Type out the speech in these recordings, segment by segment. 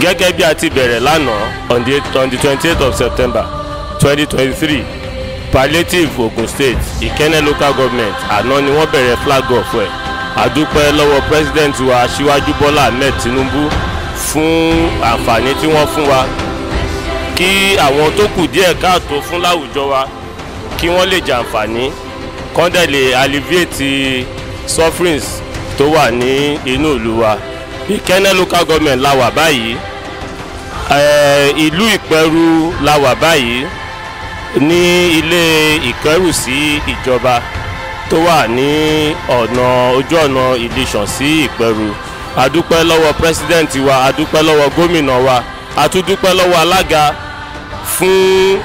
gẹ́gẹ́ bí a ti bẹ̀rẹ̀ lánàá on the on the twenty eight of september twenty twenty three palliative ogun state ìkẹ́nẹ́ local government àná ni wọ́n bẹ̀rẹ̀ flag off ẹ̀ àdúpẹ́ lọ́wọ́ president wa aṣíwájú bọ́lá ahmed tinubu fún àǹfààní tí wọ́n fún wa kí àwọn tó kù díẹ̀ káàtó fún láwùjọ wa kí wọ́n lè jàǹfààní kọ́ńdẹ̀ lè alleviate sufferings tó wà ní inú ìlú wa ìkẹ́nẹ́ local government la wà báyìí Eh, ìlú ìpẹ́rù la wà báyìí ní ilé ìkẹ́rùsí ìjọba tó wà ní ọ̀nà ojú ọ̀nà ìlísàn sí ìpẹ́rù adúpẹ́ lọ́wọ́ pírẹsidẹ́ǹtì wa adúpẹ́ lọ́wọ́ gómìnà wa atúndúpẹ́ lọ́wọ́ alága fún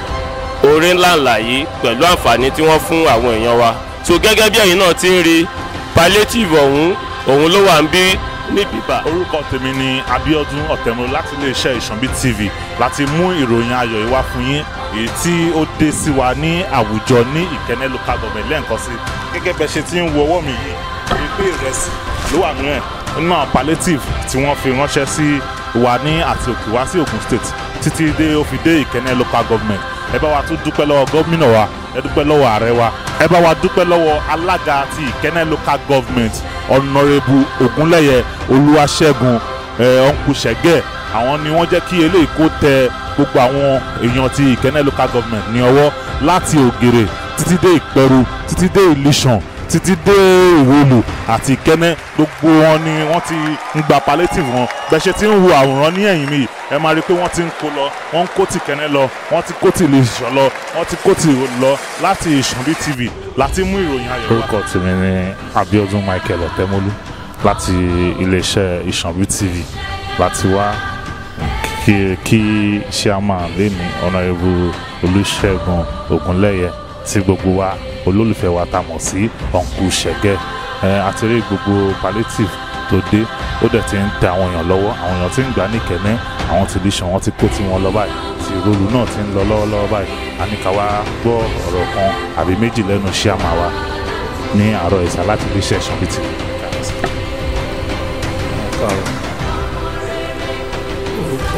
oore ńláńlá yìí pẹ̀lú àǹfààní tí wọ́n fún àwọn èèyàn wa so gẹ́gẹ́ bí ẹ̀yin náà ti ń rí palliative ọ̀hún òun ló wà ń bí ní bíbá orúkọ tèmi ni Abiodun Ọ̀tẹ̀múrú láti iléeṣẹ́ Ìṣànbí TV láti mú ìròyìn ayọ̀ ìwá fún yín èyí tí ó dé sí wa ní àwùjọ ní Ìkẹ́nnẹ́ local government lẹ́ẹ̀kan sí gẹ́gẹ́ bẹ́ẹ̀ ṣe ti ń wo ọwọ́ mi yìí èyí pé ìrẹsì ló wà nínú ẹ̀ nínú àwọn palliative tí wọ́n fi ránṣẹ́ sí wa ní àti òkè wá sí Ògùn state títí dé ó fi dé Ìkẹ́nnẹ́ local government ẹ bá wa tún dúpẹ́ lọ́wọ́ gómìnà wa ẹ dúpẹ́ lọ́wọ́ ààrẹ wa ẹ bá wa dúpẹ́ lọ́wọ́ alága ti ìkẹ́nẹ́ local government honourable ogunlẹ́yẹ olúwaṣẹ́gun ọ̀nkùṣẹ́gẹ̀ àwọn ni wọ́n jẹ́ kí eléyìí kó tẹ gbogbo àwọn èèyàn ti ìkẹ́nẹ́ local government ní ọwọ́ láti ògèrè títí dé ìpẹ́rù títí dé ìlísàn títí dé ìwòlò àti ìkẹ́nẹ́ gbogbo wọn ni wọ́n ti ń gba palliative wọn bẹ́ẹ̀ ṣe ti ń wo àwòrán ní ẹ̀yìn mi ẹ máa rí i pé wọ́n ti ń kó lọ wọ́n ń kó ti kẹ́nẹ́ lọ wọ́n ti kó ti lè ṣàn lọ wọ́n ti kó ti lọ láti Ìṣànbí TV láti mú ìròyìn ayọ̀ wá. orúkọ tèmi ni Abíọ́dún Michael Ọ̀tẹ́mọ́lú láti iléeṣẹ́ Ìṣànbí TV láti wá kí kí chairman lẹ́ni ọ̀nàrẹ́bù Olúṣẹ́gun Ògúnlẹ́yẹ tí gbogbo wa olólùfẹ́ wa tá a mọ̀ sí Uncle Ṣẹ̀gẹ́ àti rí gbogbo palliative tó dé ó dẹ̀ ti ń tẹ àwọn èèyàn lọ́wọ́ àwọn èèyàn ti ń gbà ní kẹ́ní àwọn ti lùsàn wọn ti kó tiwọn lọ báyìí tí rolu náà ti ń lọ lọ́wọ́lọ́wọ́ báyìí a ní ká wá gbọ́ ọ̀rọ̀ kan àbí méjì lẹ́nu iṣẹ́ àmà wa ní àárọ̀ ìsà láti fi ṣẹ̀sán bìtì.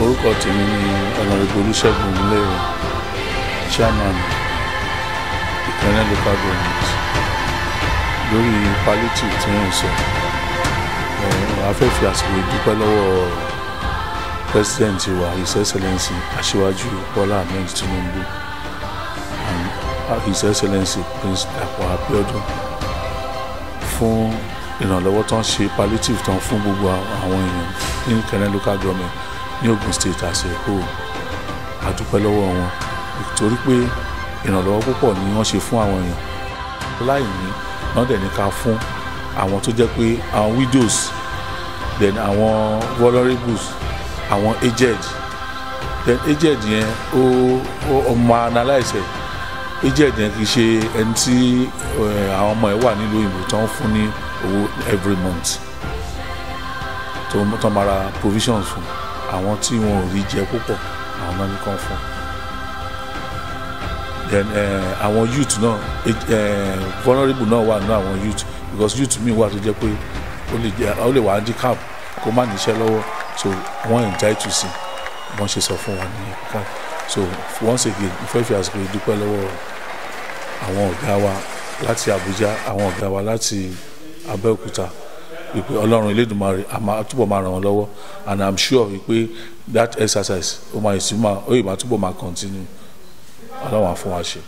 orúkọ tèmi ni ọ̀nà ìgbòlúṣẹ́gun ilé chairman Ìpínlẹ̀ local government lórí palliative tí wọ́n ń sọ a fẹ́ àsìkò ìdúpẹ́ lọ́wọ́ president wa his excellency aṣíwájú Bọ́lá Ahmed Tinubu uh, his excellency Prince Dàpọ̀ Abíọ́dún fún ìrànlọ́wọ́ tó ń ṣe palliative tó ń fún gbogbo àwọn èèyàn ní Ìpínlẹ̀ local government ní Ogun state àṣẹ ìkó a dúpẹ́ lọ́wọ́ wọn torí pé ìrànlọ́wọ́ púpọ̀ ni wọ́n ṣe fún àwọn èèyàn láìní náà dẹ̀ ní ká fún àwọn tó jẹ́ pé àwọn widows then àwọn vulnerables àwọn aged then aged yẹn ó ó máa analyse ẹ̀ aged yẹn kì í ṣe ẹni tí eh, àwọn ọmọ ẹ̀ wà nílùú òyìnbó tó ń fún ní owó every month tó ń tọ́ mara provisions fún àwọn tí wọn ò rí jẹ púpọ̀ àwọn náà ní kàn fún un then eh, àwọn uh, youth náà uh, vulnerable náà wà nínú àwọn youth because youth mi wà tó jẹ́ pé ó lè wà handicap kó má níṣẹ́ lọ́wọ́ so wọ́n entitled sí wọ́n ṣe sọ fún wa ní kan so once again ìfẹ́ fi àsìkò yìí dúpẹ́ lọ́wọ́ àwọn ọ̀gá wa láti Àbújá àwọn ọ̀gá wa láti Abẹ́òkúta wípé Ọlọ́run Elédùmarè a túbọ̀ máa ràn wọ́n lọ́wọ́ and I'm sure wípé that exercise ó máa ìsúnmọ́ ó yìí máa túbọ̀ máa continue. 阿拉风放心。